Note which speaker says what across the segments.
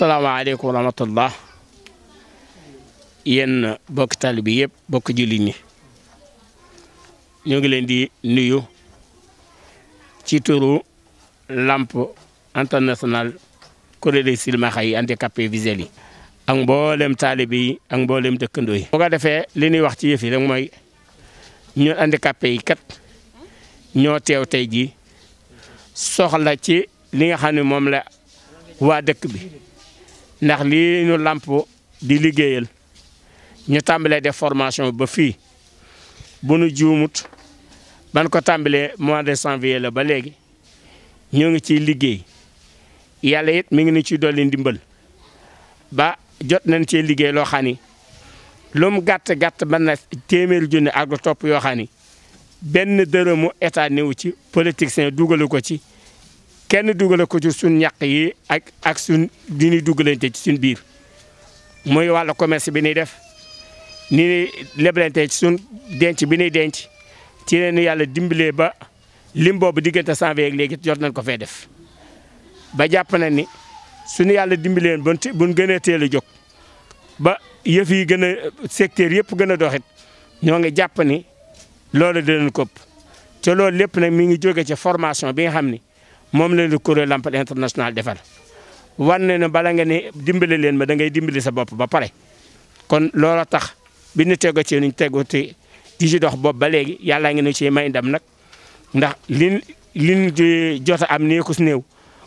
Speaker 1: asalaamaaleykum wa rahmatullah yenn bokk tali bi yëpp bokk jullit ñi ñoo ngi leen di nuyu ci turu LAMP international kuréelu silmaxa yi handicapé visuel yi. ak mboolem taalibe yi ak mboolem dëkkandoo yi. bu defee li ñuy wax ci yëf yi rek mooy ñun handicapé yi kat ñoo teew tey jii soxla ci li nga xam ne moom la waa dëkk bi ndax lii ñu làmp di liggéeyal ñu tàmbalee def formation ba fii bu nu juumut ban ko tàmbalee mois de janvier la ba léegi ñoo ngi ciy liggéey yàlla it mi ngi nu ci dolli ndimbal ba jot nañ cee liggéey loo xam ni lu mu gàtt gàtt mën na téeméeri junne ak lu topp yoo xam ni benn dërëmu état néew ci politicien dugalu ko ci kenn dugale ko ci suñ ñàq yi ak ak suñ di ñuy dugalante ci suñ biir mooy wàllu commerce bi ñuy def ni ñuy leblante ci suñ denc bi ñuy denc ci leen yàlla dimbalee ba lim boobu diggante janvier ak léegi jot nañ ko fee def ba jàpp na ni suñu yàlla dimbaleen ba buñ gën a teel a jóg ba yëf yi gën a secteur yëpp gën a doxit ñoo ngi jàpp ni loolu dinañ ko ëpp te loolu lépp nag mi ngi jóge ci formation bi nga xam ni moom leen di kuréel Lamp International defal wan ne ne bala nga ne dimbale leen ma da ngay dimbali sa bopp ba pare kon loola tax bi ñu tego ci ñu tego ci di dox bopp ba léegi yàllaa ngi nu may ndam nag ndax liñ liñ di jot a am nii ku si néew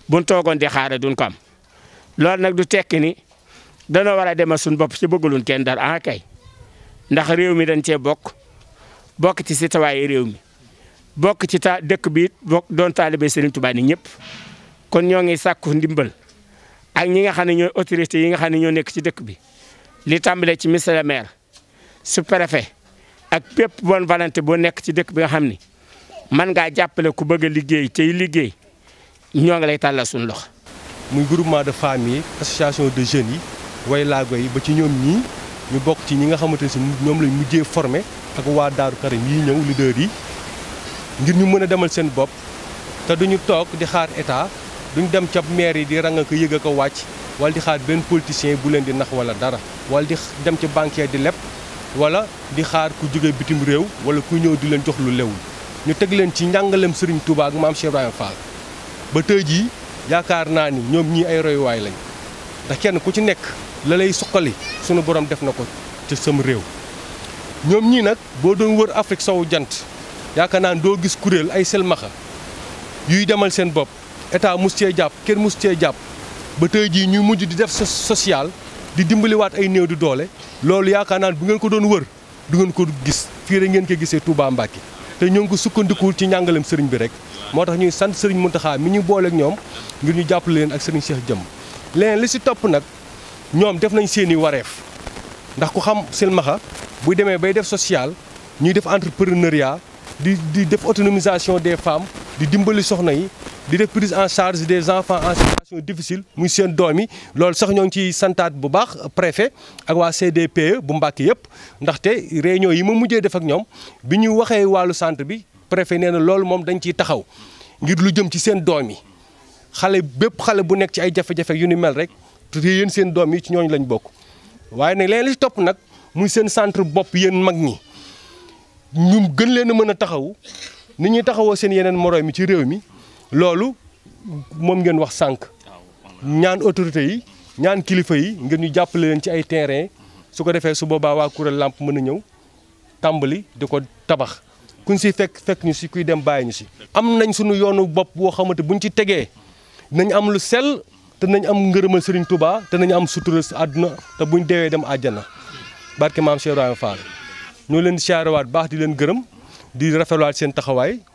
Speaker 1: buñ toogoon di xaare duñ ko am loolu nag du tekki ni dana war a demal suñu bopp ci bëggaluñ kenn dara ah kay ndax réew mi dañ cee bokk bokk ci citoyen réew mi bokk ci ta dëkk bi bokk doon taalibe Serigne Touba ni ñëpp kon ñoo ngi sàkku ndimbal ak ñi nga xam ne ñoo autorités yi nga xam ne ñoo nekk ci dëkk bi li tàmbalee ci monsieur le maire sous-préfet ak bépp bonne volonté boo nekk ci dëkk bi nga xam ni man ngaa jàppale
Speaker 2: ku bëgg a liggéey tey liggéey ñoo ngi lay tàllal suñu loxo. muy groupement de femmes yi association de jeunes yi way laago yi ba ci ñoom ñii ñu bokk ci ñi nga xamante ne si ñoom lañ mujjee formé ak waa Daaru Karim yi ñëw leader yi. ngir ñu mën a demal seen bopp te duñu toog di xaar état duñ dem ca maire yi di ranga ko yëg a ko wàcc wala di xaar benn politicien bu leen di nax wala dara wala di dem ca banquier di leb wala di xaar ku jóge bitim réew wala ku ñëw di leen jox lu lewul ñu teg leen ci njàngaleem Serigne Touba ak maam Cheikh Ibrahima Fall ba tey jii yaakaar naa ni ñoom ñii ay royuwaay lañ ndax kenn ku ci nekk la suqali sunu borom def na ko ci sam réew ñoom ñii nag boo doon wër Afrique sowu jant yaakaar naa doo gis kuréel ay selmaxa yuy demal seen bopp état mus jàpp kenn mus cee jàpp ba tey jii ñu mujj di def social di dimbaliwaat ay néew di doole loolu yaakaar naa bu ngeen ko doon wër du ngeen ko gis fii rek ngeen ko gisee Touba Mbacké te ñoo ngi ko sukkandikuwul ci njàngaleem sëriñ bi rek moo tax ñuy sant sëriñ Mountakha mi ñu booleek ñoom ngir ñu jàppale leen ak sëriñ Cheikh Jëmm leneen li si topp nag ñoom def nañ seeni i wareef ndax ku xam silmaxa buy demee bay def social ñuy def entrepreneuriat di di def autonomisation des femmes di dimbali soxna yi di def prise en charge des enfants en situation difficile muy seen doom yi loolu sax ñoo ngi ciy santaat bu baax préfet ak waa CDPE bu Mbàkke yëpp ndaxte réunion yi ma mujjee def ak ñoom bi ñu waxee wàllu centre bi préfet nee na loolu moom dañ ciy taxaw ngir lu jëm ci seen doom yi xale bépp xale bu nekk ci ay jafe-jafe yu ni mel rek te yéen seen doom yi ci ñooñu lañu bokk waaye nag leen li ci topp nag muy seen centre bopp yéen mag ñi. ñu gën leen a mën a taxawu ni ñuy taxawoo seen yeneen moroom yi ci réew mi loolu moom ngeen wax sànq ñaan autorité yi ñaan kilifa yi ngeen ñu jàppale leen ci ay terrain su ko defee su boobaa waa kuréel làmp mën a ñëw tàmbali di ko tabax kuñ si fekk fekk ñu si kuy dem bàyyi ñu si. am nañ sunu yoonu bopp boo xamante buñ ci tegee nañ am lu sel te nañ am ngërëmal Serigne Touba te nañ am sutura àdduna te bu buñ deewee dem àjjana barke maam Cheikh Ibrahima Fall. ñoo leen siyaarawaat baax di leen gërëm di rafetluwaat seen taxawaay